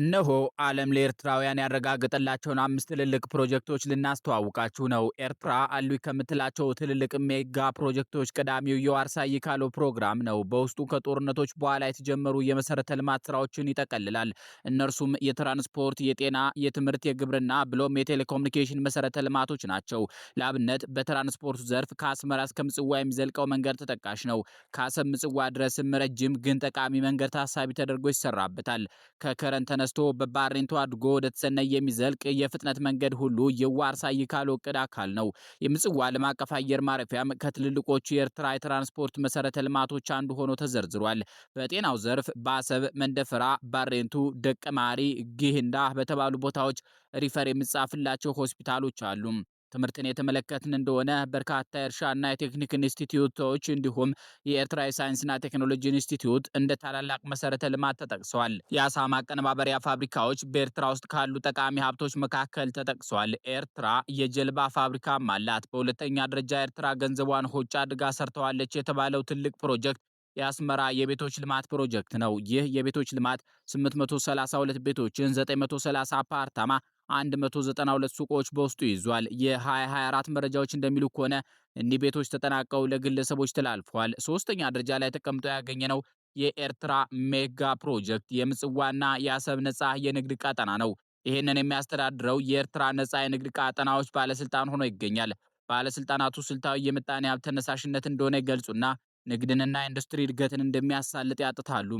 እነሆ ዓለም ለኤርትራውያን ያረጋገጠላቸውን አምስት ትልልቅ ፕሮጀክቶች ልናስተዋውቃችሁ ነው። ኤርትራ አሉ ከምትላቸው ትልልቅ ሜጋ ፕሮጀክቶች ቀዳሚው የዋርሳይ ካሎ ፕሮግራም ነው። በውስጡ ከጦርነቶች በኋላ የተጀመሩ የመሰረተ ልማት ስራዎችን ይጠቀልላል። እነርሱም የትራንስፖርት፣ የጤና፣ የትምህርት፣ የግብርና ብሎም የቴሌኮሙኒኬሽን መሰረተ ልማቶች ናቸው። ለአብነት በትራንስፖርቱ ዘርፍ ከአስመራ እስከ ምጽዋ የሚዘልቀው መንገድ ተጠቃሽ ነው። ከአሰብ ምጽዋ ድረስም ረጅም ግን ጠቃሚ መንገድ ታሳቢ ተደርጎ ይሰራበታል። ከከረንተነ ተነስቶ በባሬንቱ አድጎ ወደ ተሰነይ የሚዘልቅ የፍጥነት መንገድ ሁሉ የዋርሳ ይካል እቅድ አካል ነው። የምጽዋ ዓለም አቀፍ አየር ማረፊያም ከትልልቆቹ የኤርትራ የትራንስፖርት መሰረተ ልማቶች አንዱ ሆኖ ተዘርዝሯል። በጤናው ዘርፍ በአሰብ፣ መንደፈራ፣ ባሬንቱ፣ ደቀ ማሪ፣ ጊህንዳ በተባሉ ቦታዎች ሪፈር የምጻፍላቸው ሆስፒታሎች አሉ። ትምህርትን የተመለከትን እንደሆነ በርካታ የእርሻና የቴክኒክ ኢንስቲትዩቶች እንዲሁም የኤርትራ የሳይንስና ቴክኖሎጂ ኢንስቲትዩት እንደ ታላላቅ መሰረተ ልማት ተጠቅሰዋል። የአሳ ማቀነባበሪያ ፋብሪካዎች በኤርትራ ውስጥ ካሉ ጠቃሚ ሀብቶች መካከል ተጠቅሰዋል። ኤርትራ የጀልባ ፋብሪካም አላት። በሁለተኛ ደረጃ ኤርትራ ገንዘቧን ሆጭ ድጋ ሰርተዋለች የተባለው ትልቅ ፕሮጀክት የአስመራ የቤቶች ልማት ፕሮጀክት ነው። ይህ የቤቶች ልማት 832 ቤቶችን፣ 930 አፓርታማ 192 ሱቆች በውስጡ ይዟል። የ2024 መረጃዎች እንደሚሉ ከሆነ እኒህ ቤቶች ተጠናቀው ለግለሰቦች ተላልፏል። ሶስተኛ ደረጃ ላይ ተቀምጦ ያገኘ ነው የኤርትራ ሜጋ ፕሮጀክት የምጽዋና የአሰብ ነጻ የንግድ ቀጠና ነው። ይህንን የሚያስተዳድረው የኤርትራ ነጻ የንግድ ቀጠናዎች ባለስልጣን ሆኖ ይገኛል። ባለስልጣናቱ ስልታዊ የምጣኔ ሀብት ተነሳሽነት እንደሆነ ይገልጹና ንግድንና ኢንዱስትሪ እድገትን እንደሚያሳልጥ ያጥታሉ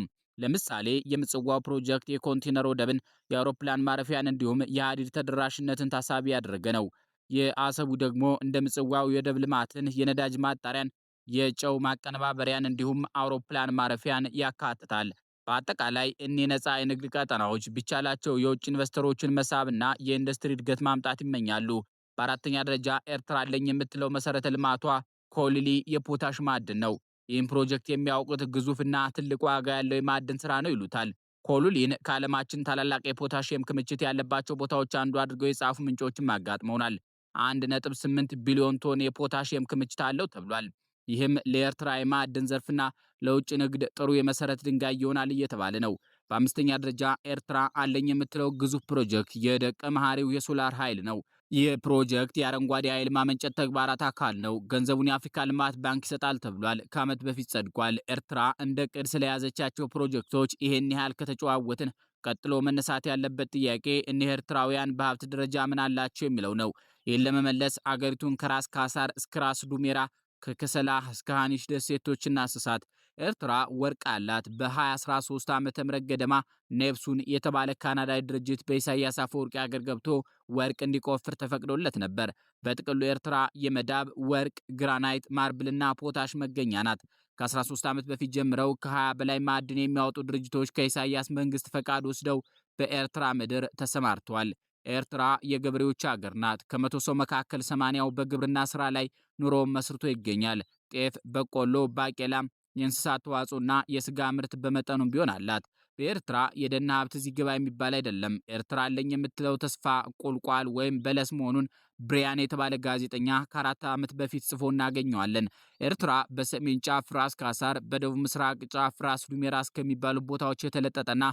ለምሳሌ የምጽዋው ፕሮጀክት የኮንቴነር ወደብን፣ የአውሮፕላን ማረፊያን እንዲሁም የሀዲድ ተደራሽነትን ታሳቢ ያደረገ ነው። የአሰቡ ደግሞ እንደ ምጽዋው የወደብ ልማትን፣ የነዳጅ ማጣሪያን፣ የጨው ማቀነባበሪያን እንዲሁም አውሮፕላን ማረፊያን ያካትታል። በአጠቃላይ እኒህ ነፃ የንግድ ቀጠናዎች ቢቻላቸው የውጭ ኢንቨስተሮችን መሳብና የኢንዱስትሪ እድገት ማምጣት ይመኛሉ። በአራተኛ ደረጃ ኤርትራ አለኝ የምትለው መሰረተ ልማቷ ኮሊሊ የፖታሽ ማዕድን ነው። ይህም ፕሮጀክት የሚያውቁት ግዙፍና ትልቅ ዋጋ ያለው የማዕድን ስራ ነው ይሉታል። ኮሉሊን ከዓለማችን ታላላቅ የፖታሽየም ክምችት ያለባቸው ቦታዎች አንዱ አድርገው የጻፉ ምንጮችም አጋጥመውናል። አንድ ነጥብ ስምንት ቢሊዮን ቶን የፖታሽየም ክምችት አለው ተብሏል። ይህም ለኤርትራ የማዕድን ዘርፍና ለውጭ ንግድ ጥሩ የመሰረት ድንጋይ ይሆናል እየተባለ ነው። በአምስተኛ ደረጃ ኤርትራ አለኝ የምትለው ግዙፍ ፕሮጀክት የደቀ መሐሪው የሶላር ኃይል ነው። ይህ ፕሮጀክት የአረንጓዴ ኃይል ማመንጨት ተግባራት አካል ነው። ገንዘቡን የአፍሪካ ልማት ባንክ ይሰጣል ተብሏል። ከዓመት በፊት ጸድቋል። ኤርትራ እንደ ቅድ ስለያዘቻቸው ፕሮጀክቶች ይህን ያህል ከተጨዋወትን ቀጥሎ መነሳት ያለበት ጥያቄ እኒህ ኤርትራውያን በሀብት ደረጃ ምን አላቸው የሚለው ነው። ይህን ለመመለስ አገሪቱን ከራስ ካሳር እስከ ራስ ዱሜራ ከከሰላ እስከ ሀኒሽ ደሴቶችና እንስሳት ኤርትራ ወርቅ አላት። በ2013 ዓ ም ገደማ ኔፕሱን የተባለ ካናዳዊ ድርጅት በኢሳያስ አፈወርቂ አገር ገብቶ ወርቅ እንዲቆፍር ተፈቅዶለት ነበር። በጥቅሉ ኤርትራ የመዳብ ወርቅ፣ ግራናይት፣ ማርብልና ፖታሽ መገኛ ናት። ከ13 ዓመት በፊት ጀምረው ከ20 በላይ ማዕድን የሚያወጡ ድርጅቶች ከኢሳያስ መንግስት ፈቃድ ወስደው በኤርትራ ምድር ተሰማርተዋል። ኤርትራ የገበሬዎች አገር ናት። ከመቶ ሰው መካከል ሰማንያው በግብርና ስራ ላይ ኑሮውን መስርቶ ይገኛል። ጤፍ፣ በቆሎ፣ ባቄላም የእንስሳት ተዋጽኦና የስጋ ምርት በመጠኑም ቢሆን አላት። በኤርትራ የደን ሀብት እዚህ ግባ የሚባል አይደለም። ኤርትራ አለኝ የምትለው ተስፋ ቁልቋል ወይም በለስ መሆኑን ብሪያን የተባለ ጋዜጠኛ ከአራት ዓመት በፊት ጽፎ እናገኘዋለን። ኤርትራ በሰሜን ጫፍ ራስ ካሳር፣ በደቡብ ምስራቅ ጫፍ ራስ ዱሜራ እስከሚባሉ ቦታዎች የተለጠጠና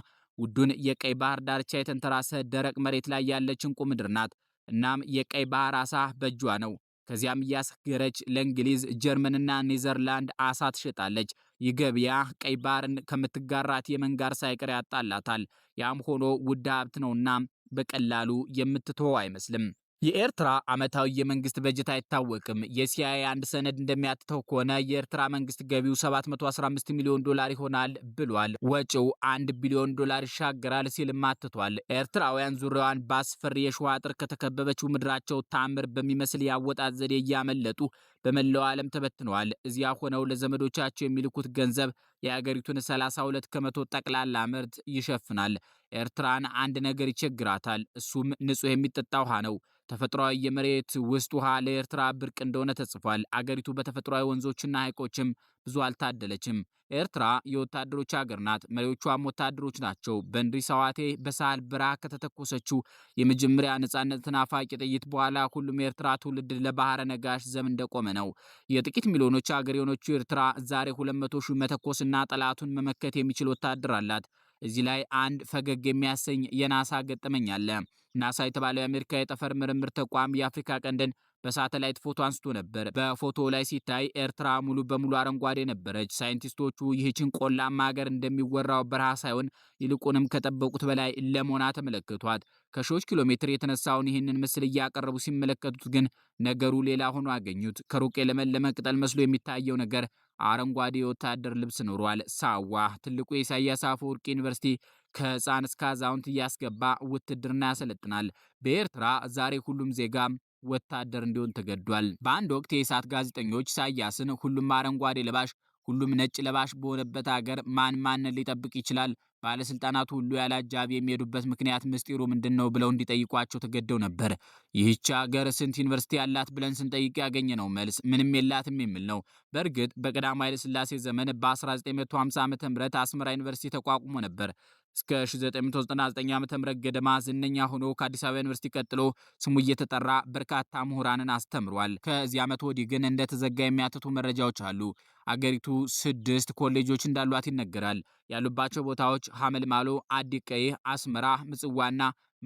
ውዱን የቀይ ባህር ዳርቻ የተንተራሰ ደረቅ መሬት ላይ ያለች እንቁ ምድር ናት። እናም የቀይ ባህር አሳ በእጇ ነው። ከዚያም እያስገረች ለእንግሊዝ፣ ጀርመንና ኔዘርላንድ አሳ ትሸጣለች። ይህ ገበያ ቀይ ባህርን ከምትጋራት የመን ጋር ሳይቀር ያጣላታል። ያም ሆኖ ውድ ሀብት ነውና በቀላሉ የምትተወው አይመስልም። የኤርትራ ዓመታዊ የመንግስት በጀት አይታወቅም። የሲአይኤ አንድ ሰነድ እንደሚያትተው ከሆነ የኤርትራ መንግስት ገቢው 715 ሚሊዮን ዶላር ይሆናል ብሏል። ወጪው 1 ቢሊዮን ዶላር ይሻገራል ሲልም አትቷል። ኤርትራውያን ዙሪያዋን በአስፈሪ የሸዋ አጥር ከተከበበችው ምድራቸው ታምር በሚመስል የአወጣት ዘዴ እያመለጡ በመላው ዓለም ተበትነዋል። እዚያ ሆነው ለዘመዶቻቸው የሚልኩት ገንዘብ የአገሪቱን 32 ከመቶ ጠቅላላ ምርት ይሸፍናል። ኤርትራን አንድ ነገር ይቸግራታል። እሱም ንጹህ የሚጠጣ ውሃ ነው። ተፈጥሯዊ የመሬት ውስጥ ውሃ ለኤርትራ ብርቅ እንደሆነ ተጽፏል። አገሪቱ በተፈጥሯዊ ወንዞችና ሐይቆችም ብዙ አልታደለችም። ኤርትራ የወታደሮች አገር ናት። መሪዎቿም ወታደሮች ናቸው። በእንድሪስ ሰዋቴ በሳህል በረሃ ከተተኮሰችው የመጀመሪያ ነጻነት ተናፋቂ ጥይት በኋላ ሁሉም የኤርትራ ትውልድ ለባህረ ነጋሽ ዘም እንደቆመ ነው። የጥቂት ሚሊዮኖች አገር የሆነችው ኤርትራ ዛሬ 200 ሺህ መተኮስና ጠላቱን መመከት የሚችል ወታደር አላት። እዚህ ላይ አንድ ፈገግ የሚያሰኝ የናሳ ገጠመኝ አለ። ናሳ የተባለው የአሜሪካ የጠፈር ምርምር ተቋም የአፍሪካ ቀንድን በሳተላይት ፎቶ አንስቶ ነበር። በፎቶ ላይ ሲታይ ኤርትራ ሙሉ በሙሉ አረንጓዴ ነበረች። ሳይንቲስቶቹ ይህችን ቆላማ ሀገር እንደሚወራው በረሃ ሳይሆን ይልቁንም ከጠበቁት በላይ ለመሆና ተመለከቷት። ከሺዎች ኪሎ ሜትር የተነሳውን ይህንን ምስል እያቀረቡ ሲመለከቱት ግን ነገሩ ሌላ ሆኖ አገኙት። ከሩቅ የለመለመ ቅጠል መስሎ የሚታየው ነገር አረንጓዴ የወታደር ልብስ ኖሯል። ሳዋ ትልቁ የኢሳያስ አፈወርቅ ዩኒቨርሲቲ ከህፃን እስከ አዛውንት እያስገባ ውትድርና ያሰለጥናል። በኤርትራ ዛሬ ሁሉም ዜጋ ወታደር እንዲሆን ተገዷል። በአንድ ወቅት የእሳት ጋዜጠኞች ኢሳያስን ሁሉም አረንጓዴ ለባሽ ሁሉም ነጭ ለባሽ በሆነበት ሀገር ማን ማንን ሊጠብቅ ይችላል? ባለስልጣናቱ ሁሉ ያለ አጃቢ የሚሄዱበት ምክንያት ምስጢሩ ምንድን ነው ብለው እንዲጠይቋቸው ተገደው ነበር። ይህች ሀገር ስንት ዩኒቨርሲቲ ያላት ብለን ስንጠይቅ ያገኘ ነው መልስ ምንም የላትም የሚል ነው። በእርግጥ በቀዳማዊ ኃይለ ሥላሴ ዘመን በ1950 ዓ ም አስመራ ዩኒቨርሲቲ ተቋቁሞ ነበር። እስከ 1999 ዓ.ም ገደማ ዝነኛ ሆኖ ከአዲስ አበባ ዩኒቨርሲቲ ቀጥሎ ስሙ እየተጠራ በርካታ ምሁራንን አስተምሯል። ከዚህ ዓመት ወዲህ ግን እንደተዘጋ የሚያትቱ መረጃዎች አሉ። አገሪቱ ስድስት ኮሌጆች እንዳሏት ይነገራል። ያሉባቸው ቦታዎች ሐመልማሎ፣ አዲቀይ፣ አስመራ፣ ምጽዋና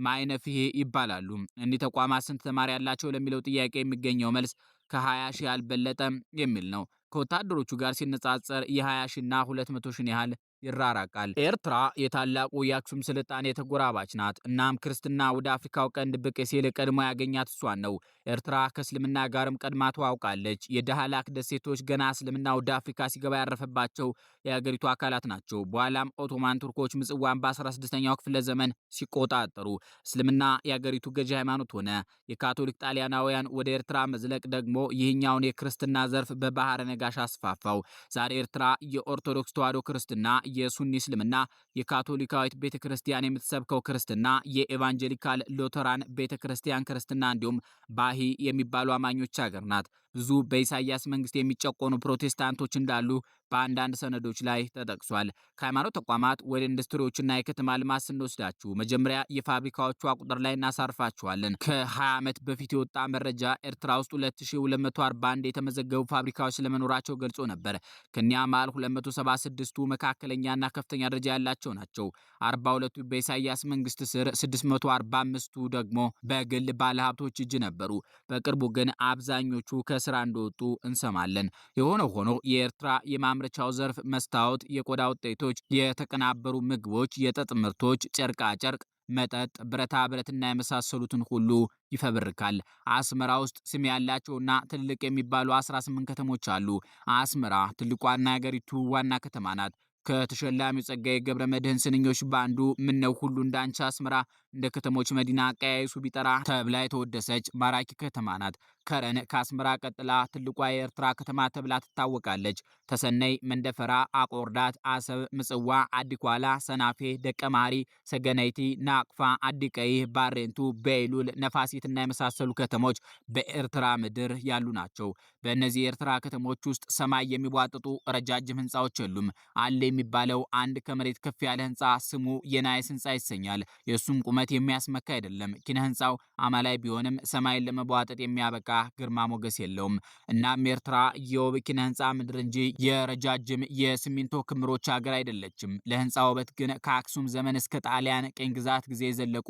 ማይነፍሄ ይባላሉ። እኒህ ተቋማት ስንት ተማሪ ያላቸው ለሚለው ጥያቄ የሚገኘው መልስ ከ20 ሺህ አልበለጠም የሚል ነው። ከወታደሮቹ ጋር ሲነጻጸር የ20 ሺና 200 ሺን ያህል ይራራቃል። ኤርትራ የታላቁ የአክሱም ስልጣኔ ተጎራባች ናት። እናም ክርስትና ወደ አፍሪካው ቀንድ ብቅ ሲል ቀድሞ ያገኛት እሷን ነው። ኤርትራ ከእስልምና ጋርም ቀድማ ተዋውቃለች። የዳህላክ ደሴቶች ገና እስልምና ወደ አፍሪካ ሲገባ ያረፈባቸው የአገሪቱ አካላት ናቸው። በኋላም ኦቶማን ቱርኮች ምጽዋን በ16ኛው ክፍለ ዘመን ሲቆጣጠሩ እስልምና የአገሪቱ ገዢ ሃይማኖት ሆነ። የካቶሊክ ጣሊያናውያን ወደ ኤርትራ መዝለቅ ደግሞ ይህኛውን የክርስትና ዘርፍ በባህረ ነጋሽ አስፋፋው። ዛሬ ኤርትራ የኦርቶዶክስ ተዋሕዶ ክርስትና የሱኒ እስልምና፣ የካቶሊካዊት ቤተ ክርስቲያን የምትሰብከው ክርስትና፣ የኤቫንጀሊካል ሎተራን ቤተ ክርስቲያን ክርስትና እንዲሁም ባሂ የሚባሉ አማኞች ሀገር ናት። ብዙ በኢሳያስ መንግስት የሚጨቆኑ ፕሮቴስታንቶች እንዳሉ በአንዳንድ ሰነዶች ላይ ተጠቅሷል። ከሃይማኖት ተቋማት ወደ ኢንዱስትሪዎችና የከተማ ልማት ስንወስዳችሁ መጀመሪያ የፋብሪካዎቿ ቁጥር ላይ እናሳርፋችኋለን። ከ20 ዓመት በፊት የወጣ መረጃ ኤርትራ ውስጥ 2241 የተመዘገቡ ፋብሪካዎች ስለመኖራቸው ገልጾ ነበር። ከኒያ መሃል 276ቱ መካከለኛና ከፍተኛ ደረጃ ያላቸው ናቸው። 42ቱ በኢሳያስ መንግስት ስር፣ 645ቱ ደግሞ በግል ባለሀብቶች እጅ ነበሩ። በቅርቡ ግን አብዛኞቹ ከ ከስራ እንደወጡ እንሰማለን። የሆነ ሆኖ የኤርትራ የማምረቻው ዘርፍ መስታወት፣ የቆዳ ውጤቶች፣ የተቀናበሩ ምግቦች፣ የጠጥ ምርቶች፣ ጨርቃጨርቅ መጠጥ፣ ብረታ ብረትና የመሳሰሉትን ሁሉ ይፈብርካል። አስመራ ውስጥ ስም ያላቸውና ትልቅ የሚባሉ 18 ከተሞች አሉ። አስመራ ትልቋና የአገሪቱ ዋና ከተማ ናት። ከተሸላሚው ጸጋዬ ገብረ መድህን ስንኞች በአንዱ ምነው ሁሉ እንዳንቺ አስመራ እንደ ከተሞች መዲና አቀያይሱ ቢጠራ ተብላ የተወደሰች ማራኪ ከተማ ናት። ከረን ከአስመራ ቀጥላ ትልቋ የኤርትራ ከተማ ተብላ ትታወቃለች። ተሰነይ፣ መንደፈራ፣ አቆርዳት፣ አሰብ፣ ምጽዋ፣ አዲኳላ፣ ሰናፌ፣ ደቀማሪ፣ ሰገናይቲ ናቅፋ፣ አዲቀይህ፣ ባሬንቱ፣ በይሉል፣ ነፋሲትና የመሳሰሉ ከተሞች በኤርትራ ምድር ያሉ ናቸው። በእነዚህ የኤርትራ ከተሞች ውስጥ ሰማይ የሚቧጥጡ ረጃጅም ህንፃዎች የሉም። አለ የሚባለው አንድ ከመሬት ከፍ ያለ ህንፃ ስሙ የናይስ ህንፃ ይሰኛል። የእሱም ቁመት የሚያስመካ አይደለም። ኪነ ህንፃው አማላይ ቢሆንም ሰማይን ለመቧጠጥ የሚያበቃ ግርማ ሞገስ የለውም። እናም ኤርትራ የውብ ኪነ ህንፃ ምድር እንጂ የረጃጅም የሲሚንቶ ክምሮች ሀገር አይደለችም። ለህንፃ ውበት ግን ከአክሱም ዘመን እስከ ጣሊያን ቅኝ ግዛት ጊዜ የዘለቁ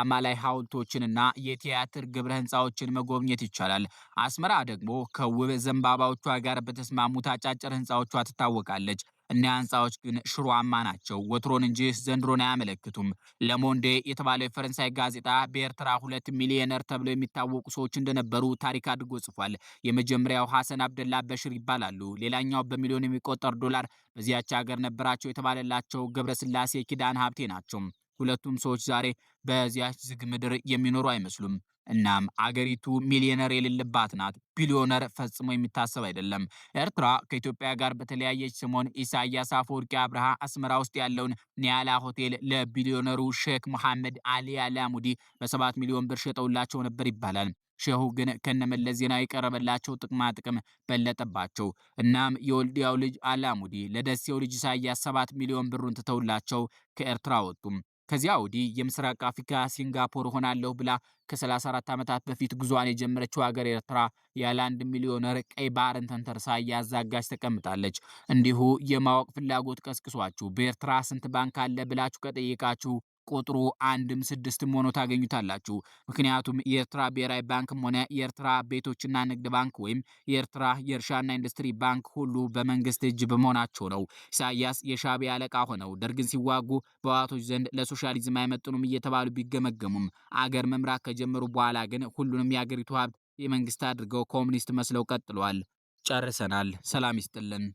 አማላይ ሐውልቶችንና የቲያትር ግብረ ህንፃዎችን መጎብኘት ይቻላል። አስመራ ደግሞ ከውብ ዘንባባዎቿ ጋር በተስማሙ አጫጭር ህንፃዎቿ ትታወቃለች። እና ህንፃዎች ግን ሽሮማ ናቸው። ወትሮን እንጂ ዘንድሮን አያመለክቱም። ለሞንዴ የተባለው የፈረንሳይ ጋዜጣ በኤርትራ ሁለት ሚሊዮነር ተብለው የሚታወቁ ሰዎች እንደነበሩ ታሪክ አድርጎ ጽፏል። የመጀመሪያው ሐሰን አብደላ በሽር ይባላሉ። ሌላኛው በሚሊዮን የሚቆጠር ዶላር በዚያች ሀገር ነበራቸው የተባለላቸው ገብረስላሴ ኪዳን ሀብቴ ናቸው። ሁለቱም ሰዎች ዛሬ በዚያች ዝግ ምድር የሚኖሩ አይመስሉም። እናም አገሪቱ ሚሊዮነር የሌለባት ናት። ቢሊዮነር ፈጽሞ የሚታሰብ አይደለም። ኤርትራ ከኢትዮጵያ ጋር በተለያየች ሰሞን ኢሳያስ አፈወርቂ አብርሃ አስመራ ውስጥ ያለውን ኒያላ ሆቴል ለቢሊዮነሩ ሼክ መሐመድ አሊ አላሙዲ በሰባት ሚሊዮን ብር ሸጠውላቸው ነበር ይባላል። ሼሁ ግን ከነመለስ ዜና የቀረበላቸው ጥቅማ ጥቅም በለጠባቸው። እናም የወልዲያው ልጅ አላሙዲ ለደሴው ልጅ ኢሳያስ ሰባት ሚሊዮን ብሩን ትተውላቸው ከኤርትራ ወጡም። ከዚያ ወዲህ የምስራቅ አፍሪካ ሲንጋፖር ሆናለሁ ብላ ከ34 ዓመታት በፊት ጉዟን የጀመረችው ሀገር ኤርትራ ያለ አንድ ሚሊዮነር ቀይ ባህርን ተንተርሳ እያዛጋች ተቀምጣለች። እንዲሁ የማወቅ ፍላጎት ቀስቅሷችሁ በኤርትራ ስንት ባንክ አለ ብላችሁ ከጠየቃችሁ ቁጥሩ አንድም ስድስትም ሆኖ ታገኙታላችሁ። ምክንያቱም የኤርትራ ብሔራዊ ባንክም ሆነ የኤርትራ ቤቶችና ንግድ ባንክ ወይም የኤርትራ የእርሻና ኢንዱስትሪ ባንክ ሁሉ በመንግስት እጅ በመሆናቸው ነው። ኢሳያስ የሻቢ አለቃ ሆነው ደርግን ሲዋጉ በዋቶች ዘንድ ለሶሻሊዝም አይመጥኑም እየተባሉ ቢገመገሙም አገር መምራት ከጀመሩ በኋላ ግን ሁሉንም የአገሪቱ ሀብት የመንግስት አድርገው ኮሚኒስት መስለው ቀጥሏል ጨርሰናል። ሰላም ይስጥልን።